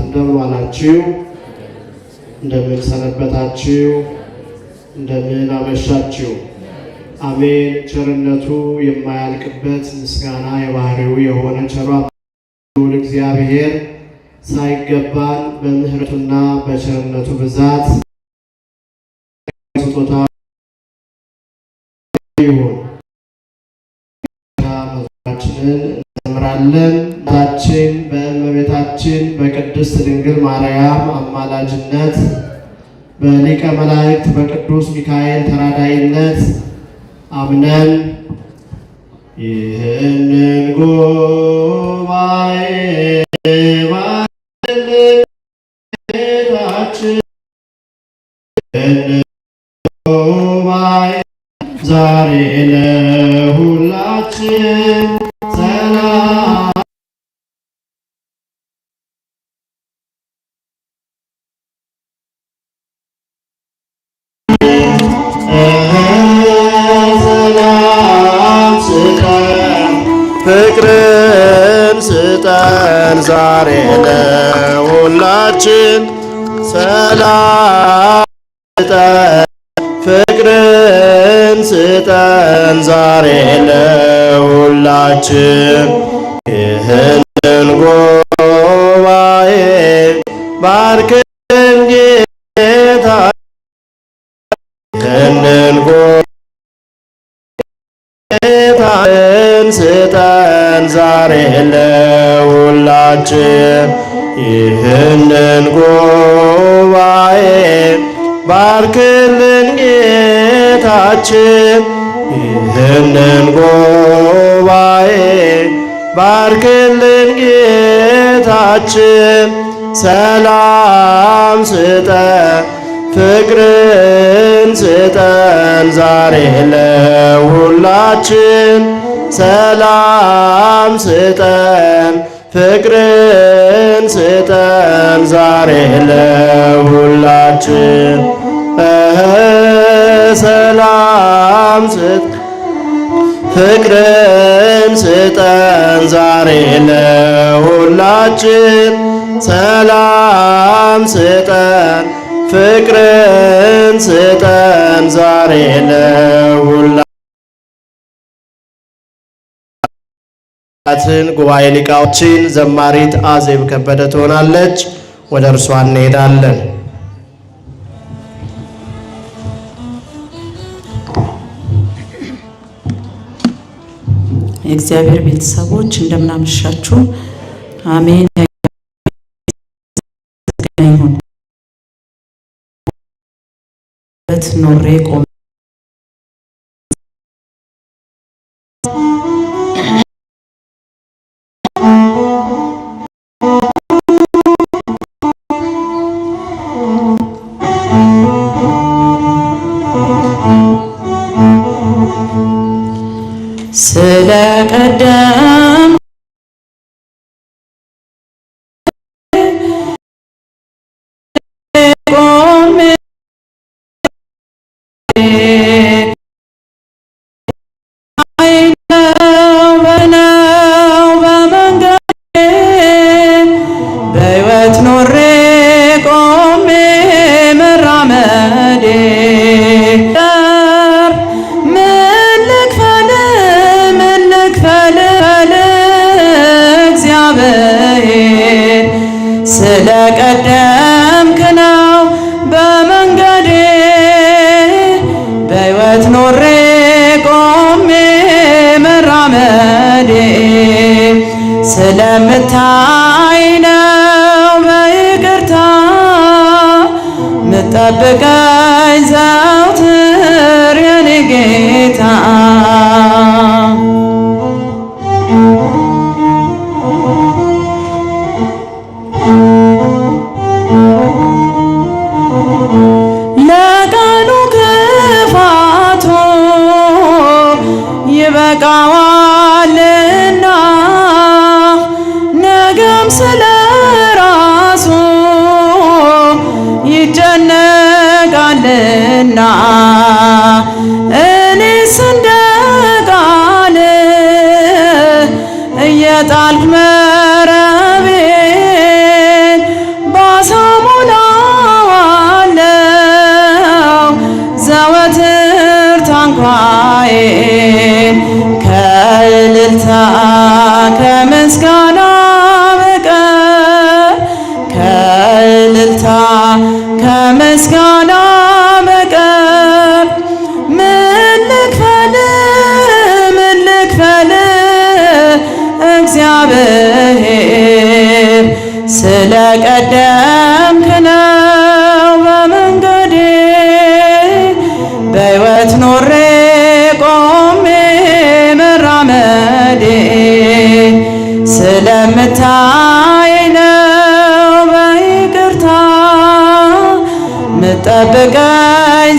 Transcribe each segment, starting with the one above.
እንደምን ዋላችሁ? እንደምን ሰነበታችሁ? እንደምን አመሻችሁ? አሜን። ቸርነቱ የማያልቅበት ምስጋና የባህሪው የሆነ ቸሩ እግዚአብሔር ሳይገባን በምህረቱና በቸርነቱ ብዛት ስጦታ ይሁን እንዘምራለን። ታችን በእመቤታችን በቅድስት ድንግል ማርያም አማላጅነት በሊቀ መላእክት በቅዱስ ሚካኤል ተራዳይነት አምነን ይህንን ጉባኤ ዛሬ ለሁላችን ዛሬ ለሁላችን ሰላም ስጠን፣ ፍቅርን ስጠን ዛሬ ለሁላችን ይህንን ጉባኤ ባርክን ጌታ ይህንን ጉባኤ ስጠን አለን ዛሬ ለሁላችን። ይህንን ጉባኤ ባርክልን ጌታችን፣ ይህንን ጉባኤ ባርክልን ጌታችን፣ ሰላም ስጠን ፍቅርን ስጠን ዛሬ ለሁላችን ሰላም ስጠን፣ ፍቅርን ስጠን ዛሬ ለሁላችን ሰላም ስጠን፣ ፍቅርን ስጠን ዛሬ ለሁላችን ሰላም ስጠን፣ ፍቅርን ስጠን ዛሬ ለሁላ አትን ጉባኤ ሊቃዎችን ዘማሪት አዜብ ከበደ ትሆናለች። ወደ እርሷ እንሄዳለን። የእግዚአብሔር ቤተሰቦች እንደምናመሻችሁ። አሜን ኖሬ ቆም ጠብቀኝ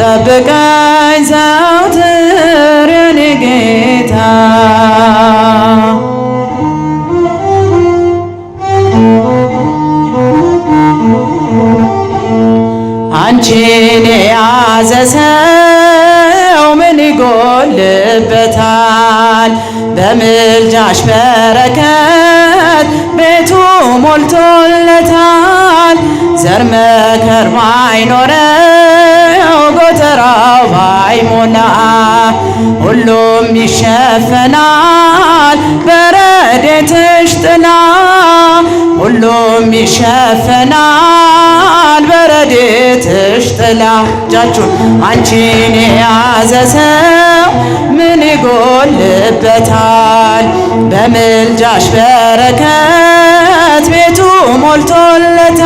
ጠብቀኝ ዘወትር የኔ ጌታ አንቺን የያዘ ሰው ምን ይጎልበታል? በምልጃሽ በረከት ቤቱ ሞልቶለታል። ዘር መከር ማይኖረው ነው ጎተራው ባይሞላ ሁሉም ይሸፈናል በረድኤትሽ ጥላ ሁሉም ይሸፈናል በረድኤትሽ ጥላ። እጃችሁን አንቺን የያዘ ሰው ምን ይጎልበታል? በምልጃሽ በረከት ሞልቶለታል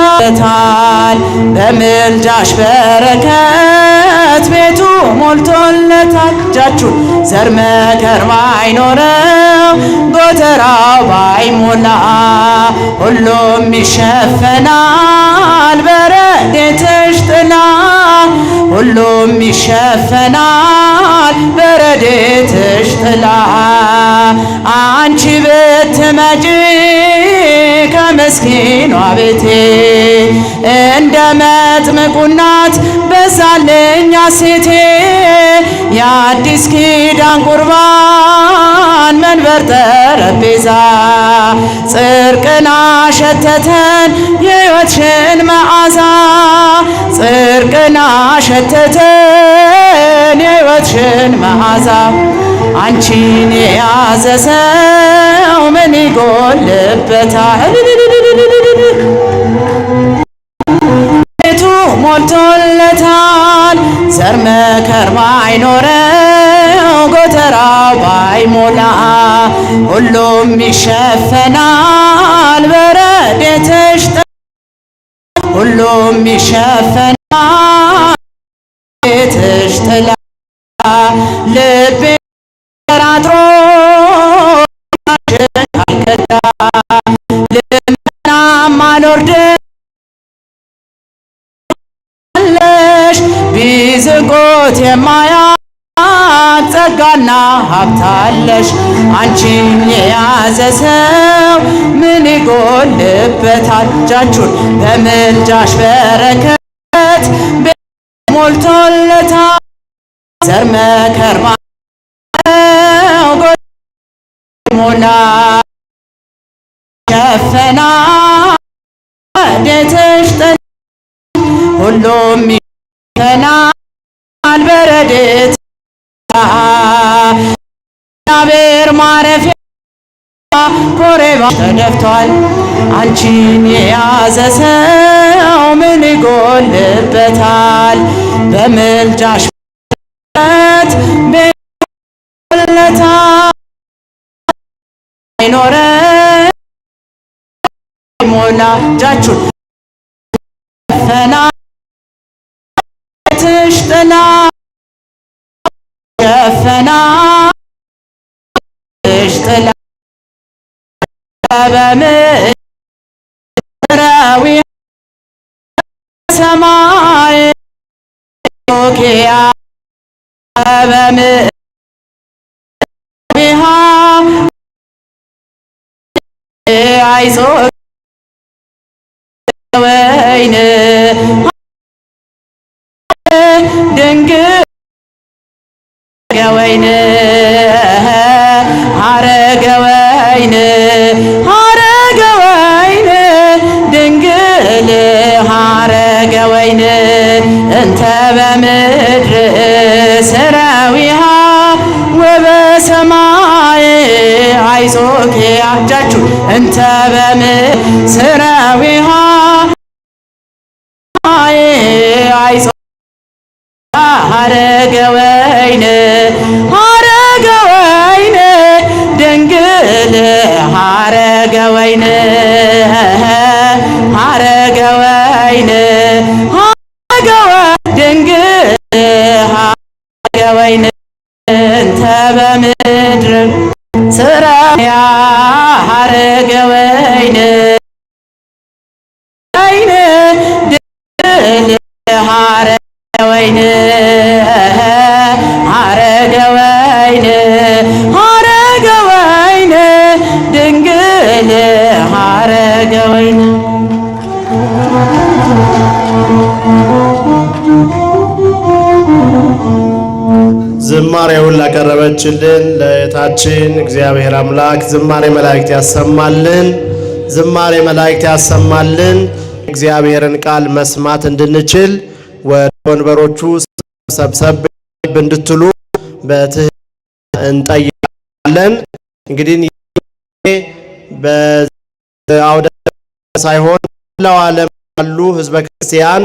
በምልጃሽ በረከት ቤቱ ሞልቶለታል። እጃችሁን ዘር መከር ባይኖረው ጎተራው ባይሞላ ሁሉም ይሸፈናል በረዴት ሁሉም ይሸፈናል በረድኤትሽ ጥላ። አንቺ ብትመጪ ከምስኪኗ ቤቴ እንደ መጥምቁ እናት ሴቴ የአዲስ ኪዳን ቁርባን መንበር ጠረጴዛ ጽርቅና ሸተተን የሕይወትሽን መዓዛ ጽርቅና ሸተተን የሕይወትሽን መዓዛ አንቺን የያዘ ሰው ምን ይጎልበታል? ቤቱ ሞልቶለታል ዘር መከር ባይኖረው ጎተራው ባይሞላ ሁሉም ይሸፈናል በረድኤትሽ ሁሉም ይሸፈና ቤትሽ ጥላ ልቤ ተራጥሮ ሽን አልከዳ ልመናም አልወርድለሽ ቢዝጎት የማያ ጸጋና ሀብታለሽ አንቺን የያዘ ሰው ምን ይጎልበታል? እጃችሁን በምልጃሽ በረከት ሞልቶለታል። ዘር መከር ሞላ ሸፈና ደተሽ ሁሉም ይፈናል በረድት እግዚአብሔር ማረፊያ ኮሬባ ተደፍቷል። አንቺን የያዘ ሰው ምን ይጎልበታል? በምልጃሽ ቤለታ አይኖረ ሞላ እጃችሁን ፈና كفناش طلع بمراوي سماي يا بمراوي عايزو وينك ወይን ሐረገ ወይን ሐረገ ወይን ድንግል ሐረገ ወይን እንተ በምድር ስረዊሃ ወበሰማይ አይዞኬ አጃችሁ እንተ በምድር ስረዊሃ አይን ዝማሬውን ላቀረበችልን ለእህታችን እግዚአብሔር አምላክ ዝማሬ መላእክት ያሰማልን፣ ዝማሬ መላእክት ያሰማልን። እግዚአብሔርን ቃል መስማት እንድንችል ወደ ወንበሮቹ ሰብሰብ እንድትሉ በትህትና እንጠይቃለን። እንግዲህ በአውደ ሳይሆን ላው ዓለም ያሉ ህዝበ ክርስቲያን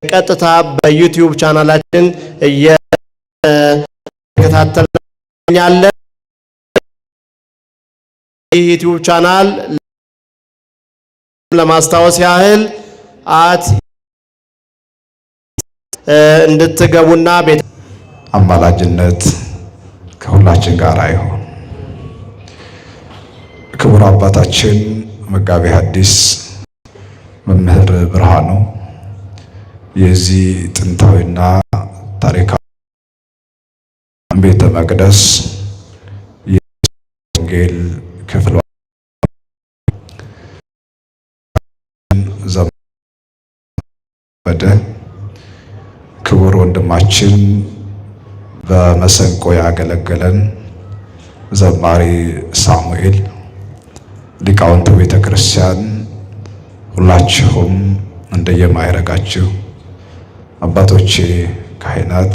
በቀጥታ በዩቲዩብ ቻናላችን እየተከታተልናለን። ይህ ዩቲዩብ ቻናል ለማስታወስ ያህል አት እንድትገቡና ቤት አማላጅነት ከሁላችን ጋር ይሁን። ክቡር አባታችን መጋቤ ሐዲስ መምህር ብርሃኑ የዚህ ጥንታዊና ታሪካዊ ቤተ መቅደስ የወንጌል ክፍል ዘመደ ክቡር ወንድማችን በመሰንቆ ያገለገለን ዘማሪ ሳሙኤል ሊቃውንተ ቤተ ክርስቲያን ሁላችሁም እንደየማዕረጋችሁ አባቶቼ ካህናት፣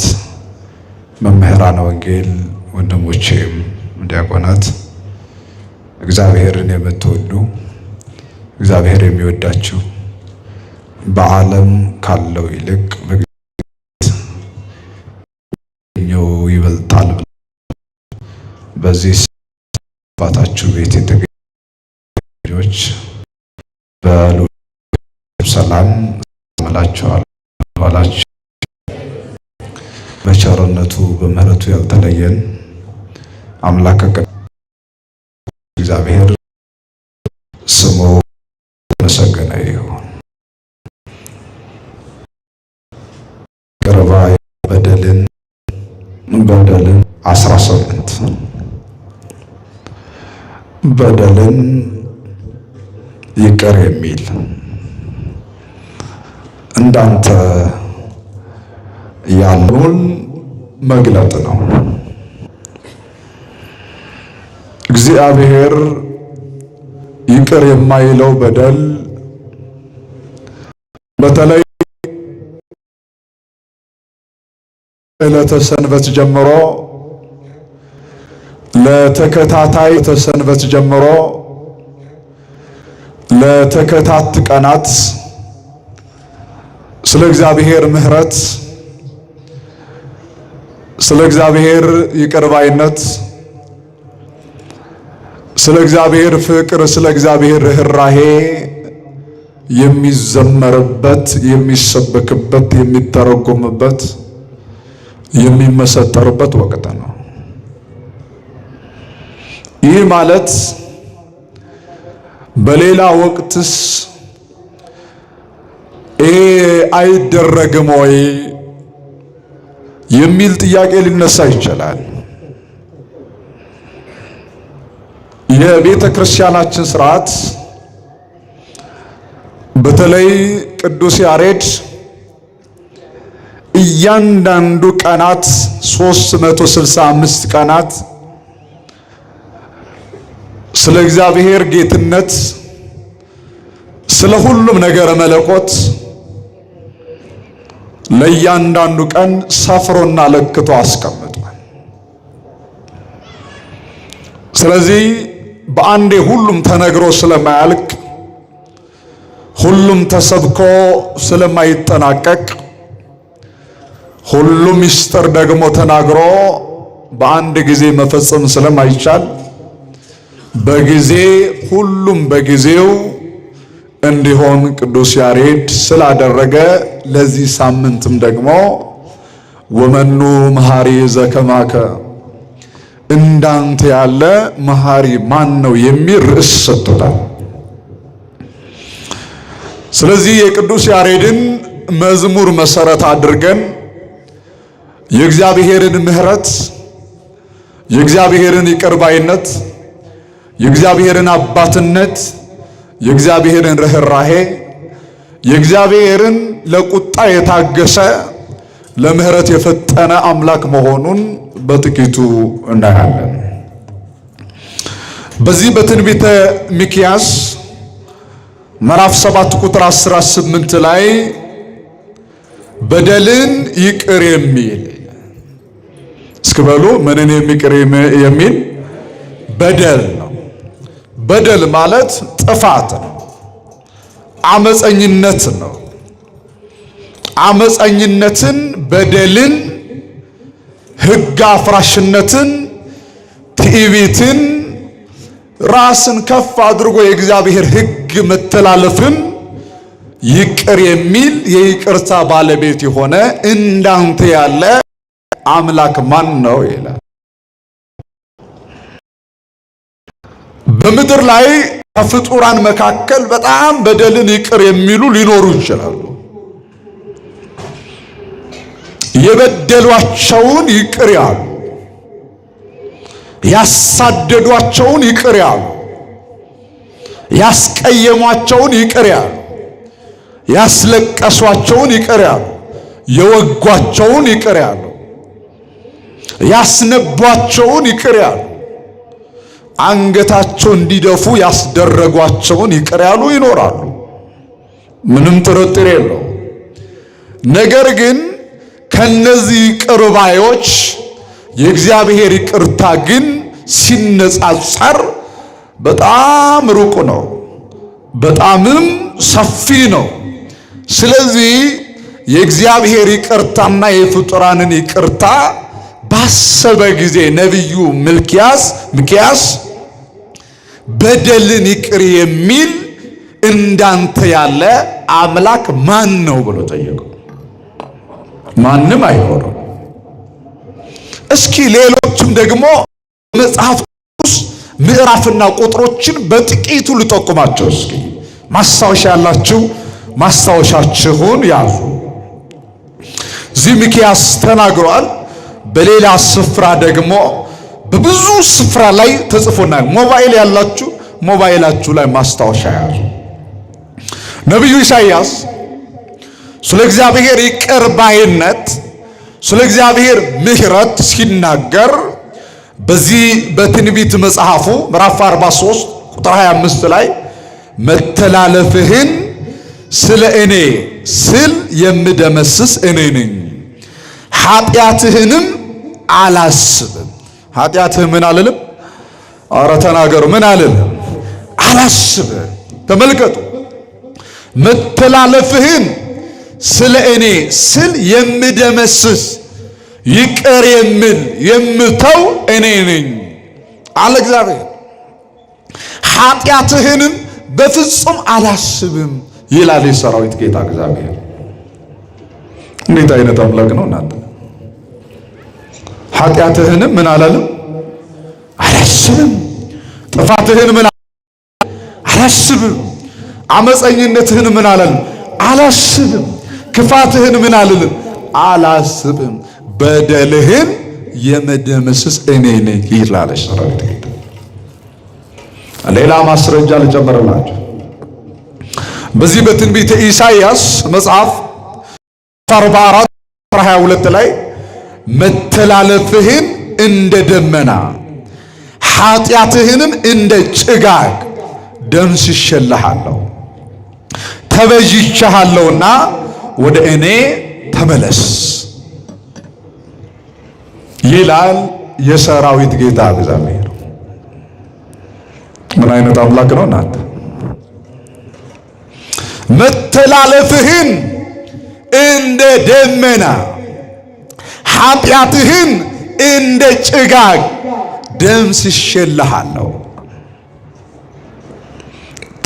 መምህራነ ወንጌል፣ ወንድሞቼም ዲያቆናት እግዚአብሔርን የምትወዱ እግዚአብሔር የሚወዳችሁ በዓለም ካለው ይልቅ ይበልጣል በዚህ አባታችሁ ቤት የተገኘ ልጆች በሉ ሰላም መላቸዋል ባላቸው በቸርነቱ በምሕረቱ ያልተለየን አምላክ እግዚአብሔር ስሙ መሰገነ ይሁን። ገረባ በደልን በደልን አስራ ስምንት በደልን ይቅር የሚል እንዳንተ ያለውን መግለጥ ነው። እግዚአብሔር ይቅር የማይለው በደል በተለይ ዕለተ ሰንበት ጀምሮ ለተከታታይ ተሰንበት ጀምሮ ለተከታት ቀናት ስለ እግዚአብሔር ምሕረት ስለ እግዚአብሔር ይቅርባይነት ስለ እግዚአብሔር ፍቅር ስለ እግዚአብሔር ርኅራሄ የሚዘመርበት የሚሰበክበት የሚተረጎምበት የሚመሰጠርበት ወቅት ነው። ይህ ማለት በሌላ ወቅትስ ይሄ አይደረግም ወይ የሚል ጥያቄ ሊነሳ ይችላል። የቤተ ክርስቲያናችን ስርዓት በተለይ ቅዱስ ያሬድ እያንዳንዱ ቀናት 365 ቀናት ስለ እግዚአብሔር ጌትነት፣ ስለ ሁሉም ነገር መለኮት ለእያንዳንዱ ቀን ሰፍሮና ለክቶ አስቀምጧል። ስለዚህ በአንዴ ሁሉም ተነግሮ ስለማያልቅ ሁሉም ተሰብኮ ስለማይጠናቀቅ ሁሉም ምስጢር ደግሞ ተናግሮ በአንድ ጊዜ መፈጸም ስለማይቻል በጊዜ ሁሉም በጊዜው እንዲሆን ቅዱስ ያሬድ ስላደረገ ለዚህ ሳምንትም ደግሞ ወመኑ መሐሪ ዘከማከ እንዳንተ ያለ መሐሪ ማን ነው የሚል ርዕስ ሰጥቶታል። ስለዚህ የቅዱስ ያሬድን መዝሙር መሰረት አድርገን የእግዚአብሔርን ምሕረት የእግዚአብሔርን ይቅርባይነት የእግዚአብሔርን አባትነት፣ የእግዚአብሔርን ርኅራሄ፣ የእግዚአብሔርን ለቁጣ የታገሰ ለምሕረት የፈጠነ አምላክ መሆኑን በጥቂቱ እናያለን። በዚህ በትንቢተ ሚክያስ ምዕራፍ 7 ቁጥር 18 ላይ በደልን ይቅር የሚል እስክበሉ ምንን የሚቅር የሚል በደል በደል ማለት ጥፋት ነው፣ አመፀኝነት ነው። አመፀኝነትን፣ በደልን፣ ህግ አፍራሽነትን፣ ትዕቢትን፣ ራስን ከፍ አድርጎ የእግዚአብሔር ህግ መተላለፍን ይቅር የሚል የይቅርታ ባለቤት የሆነ እንዳንተ ያለ አምላክ ማን ነው ይላል። በምድር ላይ ከፍጡራን መካከል በጣም በደልን ይቅር የሚሉ ሊኖሩ ይችላሉ። የበደሏቸውን ይቅር ያሉ፣ ያሳደዷቸውን ይቅር ያሉ፣ ያስቀየሟቸውን ይቅር ያሉ፣ ያስለቀሷቸውን ይቅር ያሉ፣ የወጓቸውን ይቅር ያሉ፣ ያስነቧቸውን ይቅር ያሉ አንገታቸው እንዲደፉ ያስደረጓቸውን ይቅር ያሉ ይኖራሉ። ምንም ጥርጥር የለው። ነገር ግን ከነዚህ ይቅር ባዮች የእግዚአብሔር ይቅርታ ግን ሲነጻጸር በጣም ሩቅ ነው፣ በጣምም ሰፊ ነው። ስለዚህ የእግዚአብሔር ይቅርታና የፍጡራንን ይቅርታ ባሰበ ጊዜ ነቢዩ ምልኪያስ ምኪያስ በደልን ይቅር የሚል እንዳንተ ያለ አምላክ ማን ነው ብሎ ጠየቀው። ማንም አይሆንም። እስኪ ሌሎችም ደግሞ መጽሐፍ ቅዱስ ምዕራፍና ቁጥሮችን በጥቂቱ ልጠቁማቸው። እስኪ ማስታወሻ ያላችሁ ማስታወሻችሁን ያዙ። እዚህ ሚኪያስ ተናግሯል። በሌላ ስፍራ ደግሞ በብዙ ስፍራ ላይ ተጽፎና ሞባይል ያላችሁ ሞባይላችሁ ላይ ማስታወሻ ያዙ። ነቢዩ ኢሳይያስ ስለ እግዚአብሔር ይቅር ባይነት ስለ እግዚአብሔር ምሕረት ሲናገር በዚህ በትንቢት መጽሐፉ ምዕራፍ 43 ቁጥር 25 ላይ መተላለፍህን ስለ እኔ ስል የምደመስስ እኔ ነኝ፣ ኃጢአትህንም አላስብም ኃጢአትህ ምን አልልም። አረ ተናገሩ። ምን አልል አላስብ። ተመልከቱ መተላለፍህን ስለ እኔ ስል የምደመስስ ይቅር የምል የምተው እኔ ነኝ አለ እግዚአብሔር። ኃጢአትህንም በፍጹም አላስብም ይላል የሰራዊት ጌታ እግዚአብሔር። እንዴት አይነት አምላክ ነው እናንተ! ኃጢአትህንም ምን አላለም አላስብም። ጥፋትህን ምን አላስብም። አመፀኝነትህን ምን አላለም አላስብም። ክፋትህን ምን አልልም አላስብም። በደልህን የመደመስስ እኔ ነኝ ይላለች ሰራዊት ጌታ። ሌላ ማስረጃ ልጨምርላችሁ። በዚህ በትንቢተ ኢሳይያስ መጽሐፍ 44 22 ላይ መተላለፍህን እንደ ደመና ኃጢአትህንም እንደ ጭጋግ ደምስሼልሃለሁ፣ ተቤዥቼሃለሁና ወደ እኔ ተመለስ ይላል የሰራዊት ጌታ እግዚአብሔር። ምን አይነት አምላክ ነው እናንተ! መተላለፍህን እንደ ደመና ኃጢአትህን እንደ ጭጋግ ደምስሼልሃለሁ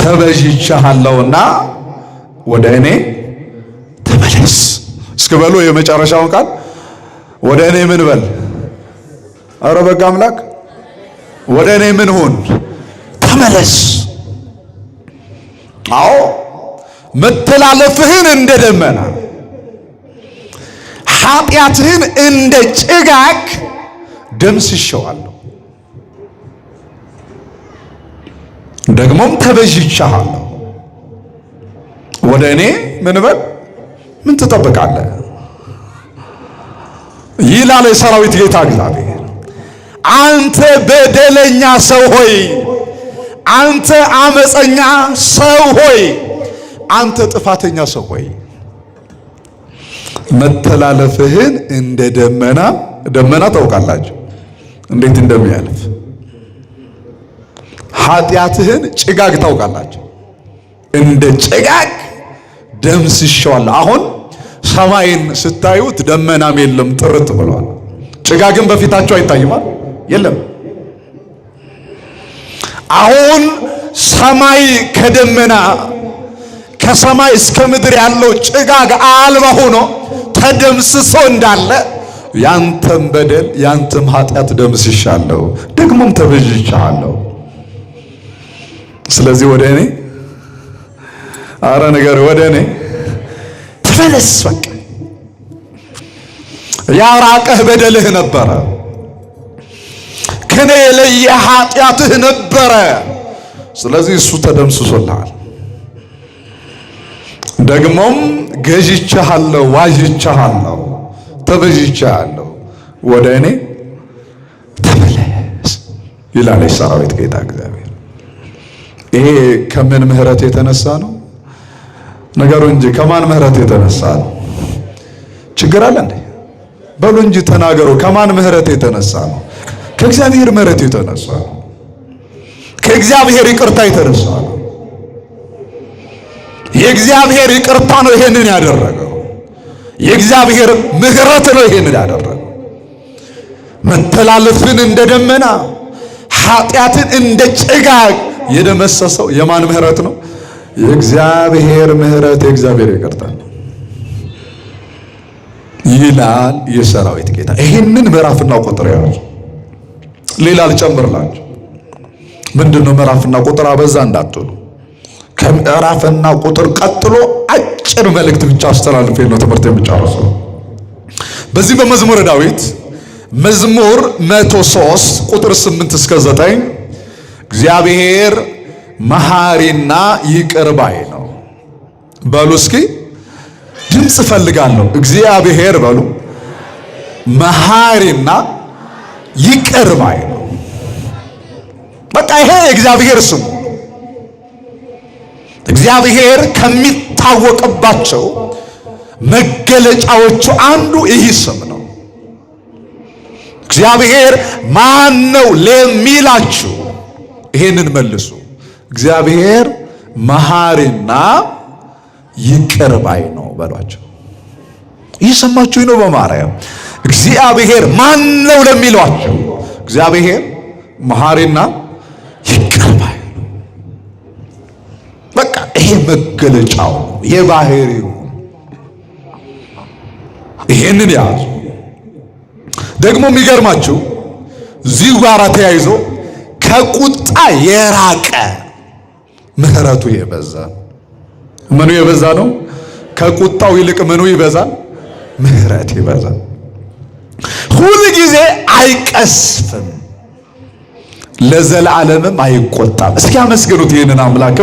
ተበዥቼሃለሁና ወደ እኔ ተመለስ። እስክበሉ የመጨረሻውን ቃል ወደ እኔ ምን በል? አረ በጋ አምላክ ወደ እኔ ምን ሁን? ተመለስ። አዎ መተላለፍህን እንደ ደመና ኃጢአትህን እንደ ጭጋግ ደምስሼዋለሁ፣ ደግሞም ተቤዥቼሃለሁ። ወደ እኔ ምን በል ምን ትጠብቃለህ? ይላል የሰራዊት ጌታ እግዚአብሔር። አንተ በደለኛ ሰው ሆይ፣ አንተ አመፀኛ ሰው ሆይ፣ አንተ ጥፋተኛ ሰው ሆይ መተላለፍህን እንደ ደመና ደመና ታውቃላችሁ እንዴት እንደሚያልፍ ኃጢአትህን ጭጋግ ታውቃላችሁ እንደ ጭጋግ ደምስሼዋለሁ አሁን ሰማይን ስታዩት ደመናም የለም ጥርት ብሏል ጭጋግም በፊታቸው አይታይማል የለም አሁን ሰማይ ከደመና ከሰማይ እስከ ምድር ያለው ጭጋግ አልባ ሆኖ ተደምስሶ እንዳለ ያንተም በደል ያንተም ኃጢአት ደምስሻለሁ፣ ደግሞም ተበዥቻለሁ። ስለዚህ ወደ እኔ አረ ነገር ወደ እኔ ተመለስ። በቃ ያራቀህ በደልህ ነበረ፣ ከኔ የለየ ኃጢአትህ ነበረ። ስለዚህ እሱ ተደምስሶልሃል። ደግሞም ገዥቻለሁ፣ ዋዥቻለሁ፣ ተበዥቻለሁ ወደ እኔ ተመለስ ይላል ሰራዊት ጌታ እግዚአብሔር። ይሄ ከምን ምህረት የተነሳ ነው? ነገሩ እንጂ ከማን ምህረት የተነሳ ነው? ችግር አለ እንዴ? በሉ እንጂ ተናገሩ። ከማን ምህረት የተነሳ ነው? ከእግዚአብሔር ምህረት የተነሳ ነው። ከእግዚአብሔር ይቅርታ የተነሳ ነው። የእግዚአብሔር ይቅርታ ነው ይሄንን ያደረገው። የእግዚአብሔር ምሕረት ነው ይሄንን ያደረገው። መተላለፍን እንደ ደመና ኃጢአትን እንደ ጭጋግ የደመሰሰው የማን ምሕረት ነው? የእግዚአብሔር ምሕረት የእግዚአብሔር ይቅርታ ነው ይላል የሰራዊት ጌታ። ይህንን ምዕራፍና ቁጥር ያዝ። ሌላ አልጨምርላችሁ። ምንድነው ምዕራፍና ቁጥር አበዛ እንዳትሉ ከምዕራፍና ቁጥር ቀጥሎ አጭር መልእክት ብቻ አስተላልፌ ነው ትምህርት የምጨርሰው። በዚህ በመዝሙረ ዳዊት መዝሙር 103 ቁጥር 8 እስከ 9 እግዚአብሔር መሐሪና ይቅር ባይ ነው በሉ። እስኪ ድምፅ እፈልጋለሁ። እግዚአብሔር በሉ መሐሪና ይቅር ባይ ነው። በቃ ይሄ የእግዚአብሔር ስሙ እግዚአብሔር ከሚታወቅባቸው መገለጫዎቹ አንዱ ይህ ስም ነው። እግዚአብሔር ማን ነው ለሚላችሁ ይሄንን መልሱ። እግዚአብሔር መሐሪና ይቅር ባይ ነው በሏቸው። እየሰማችሁኝ ነው? በማርያም እግዚአብሔር ማን ነው ለሚሏቸው እግዚአብሔር መሐሪና ይቅር ባይ መገለጫው የባህሪው ይሄንን ያዙ። ደግሞ የሚገርማችሁ እዚሁ ጋር ተያይዞ ከቁጣ የራቀ ምሕረቱ የበዛ ምኑ የበዛ ነው። ከቁጣው ይልቅ ምኑ ይበዛል? ምሕረት ይበዛል። ሁል ጊዜ አይቀስፍም፣ ለዘላለምም አይቆጣም። እስኪ አመስግኑት ይህንን አምላክ።